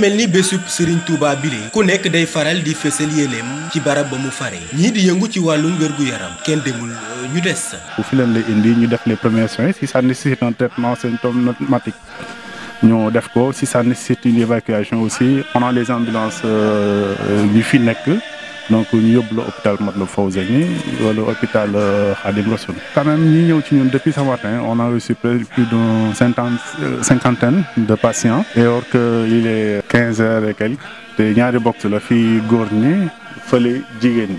mel ni bésub Serigne Touba bile ku nek day faral di fessel yéeneem ci barab ba mu faré ñii di yëngu ci walu ngeur gu yaram kenn demul euh, ñu des. fi leen lay indi ñu def les premiers soins si ça nécessite un traitement symptomatique ñu def ko si ça nécessite une évacuation aussi on a les ambulances euh, yu fi nek donc nous avons l'hôpital hôpital Fawze ni l'hôpital hôpital euh, Khadim quand même ñi ñëw ci depuis ce matin on a reçu plus d'une euh, cinquantaine de patients et alors que il est 15h et quelques té ñaari box la fille góor ñi fële ni.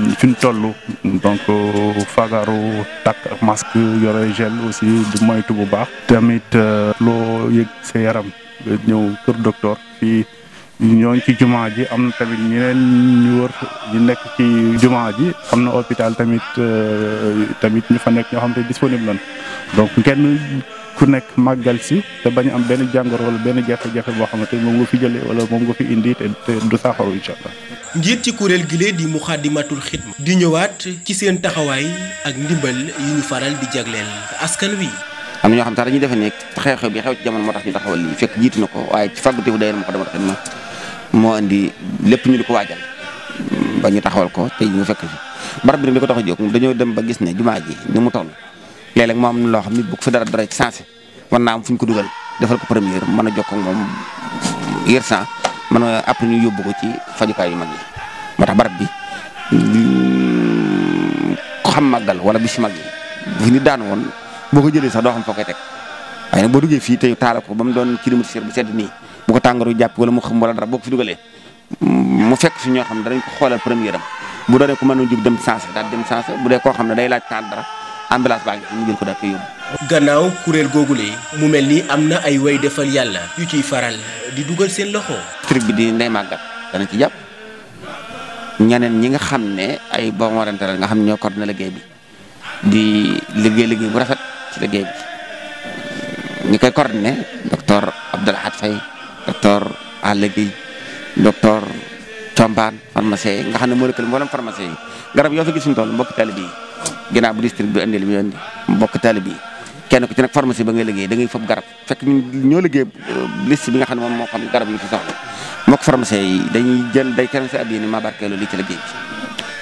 fi ñu toll donc euh, fagaru takk masque yore gel aussi di moytu bu baax. tamit euh, loo yëg sa yaram ñëw kër docteur fii ñoo ngi ci jumaa ji am na tamit ñeneen ñu wër ñu nekk ci jumaa ji am na hôpital tamit euh, tamit ñu fa nekk ñoo xam te disponible lan donc kenn ku nekk màggal si ta bañ am benn jàngoro wala benn jafe-jafe boo xamante moom nga fi jëlee wala moom nga fi indi te du saafara incha allah. ngir ci kuréel gile di muxaddimatul khidma di ñëwaat ci seen taxaway ak ndimbal yi ñu faral di jaglel askan wi am ñoo xam tax dañuy defe nek xew-xew bi xew ci jamono motax ñu taxawal li fekk jiitu nako waye ci fagu dayer khidma mo andi lepp ñu liko ko ba ñu taxawal ko te ñu fekk fi bar bi ko tax jox jóg dañoo dem ba gis ne jumaa ji ni mu toll léeg-léeg moo am lo xam nit bu ko fa dara dara ci sansé man na am fuñ ko duggal defal ko premier mën a ak mom yër sans après ñu yobbu ko ci yu magi motax barab bi ko xam wala bi si mag yi fi ni daan won boko ko sax do xam foo koy teg waaye nag boo duggee fii te ko ba mu doon bu sedd ni bu ko tangaru japp wala mu xam wala dara boko fi dugalee mu fekk fi ño xam dañ ko xolal premier am bu doone ko mën a dem sans da dem sans bu ko xam ne day laaj tan dara ambulance ngi ko da gannaaw mu melni amna ay way defal yalla yu ci faral di dugal seen loxo. trip bi di ndey dana ci japp ñaneen ñi nga xamne ay bon warante nga xam ñoo na liggey bi di liggey liggey bu rafet ci liggey bi ñi koy coordonné docteur Abdoulahad fay docteur alegui docteur Thiombane pharmacie nga xamne mo moo lëkkal mboolem pharmacien garab yo fi gis ñu toll mbokki talib yi ginnaaw bu district bi andi li mu indi talib yi kenn ko ci nak pharmacie ba ngay liggey da ngay fop garab fekk ñu ñoo liggey euh, liste bi nga xamne ne moom xam garab yi fi soxla ak pharmacien yi dañuy jël day kenn fi addi ni ma barkeelu li ci liggéey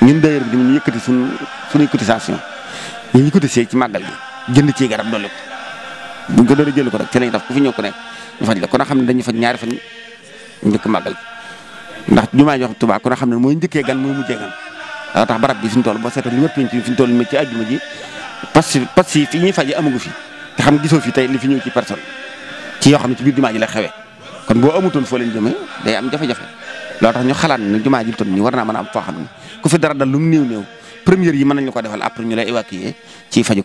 bi ñun d'ailleurs bi ñu suñu suñuy cotisation ñu ñu ci màggal gi jënd ci garab dolli ko buñ ko doon jël ko rek ci lañ def ku fi ñëw ko nekk ñu faj la kon a xam ne dañuy faj ñaari fan njëkk màggal gi ndax jumaa jox Tuubaa kon a xam ne mooy njëkkee gan mooy mujjee tax barab bi fi ñu toll boo seetee li wër penc fi faj toll ci fi te xam gisoo fi tey li fi ñëw ci personne ci yoo xam ne ci biir jumaa ji la kon bo amutul foo leen jëmee day am jafé jafé lo tax ñu xalaat ne juma ji tun nii war naa am foo xam ku fi dara dal lu neew neew premier yi mëna ñu ko defal après ñu lay évacuer ci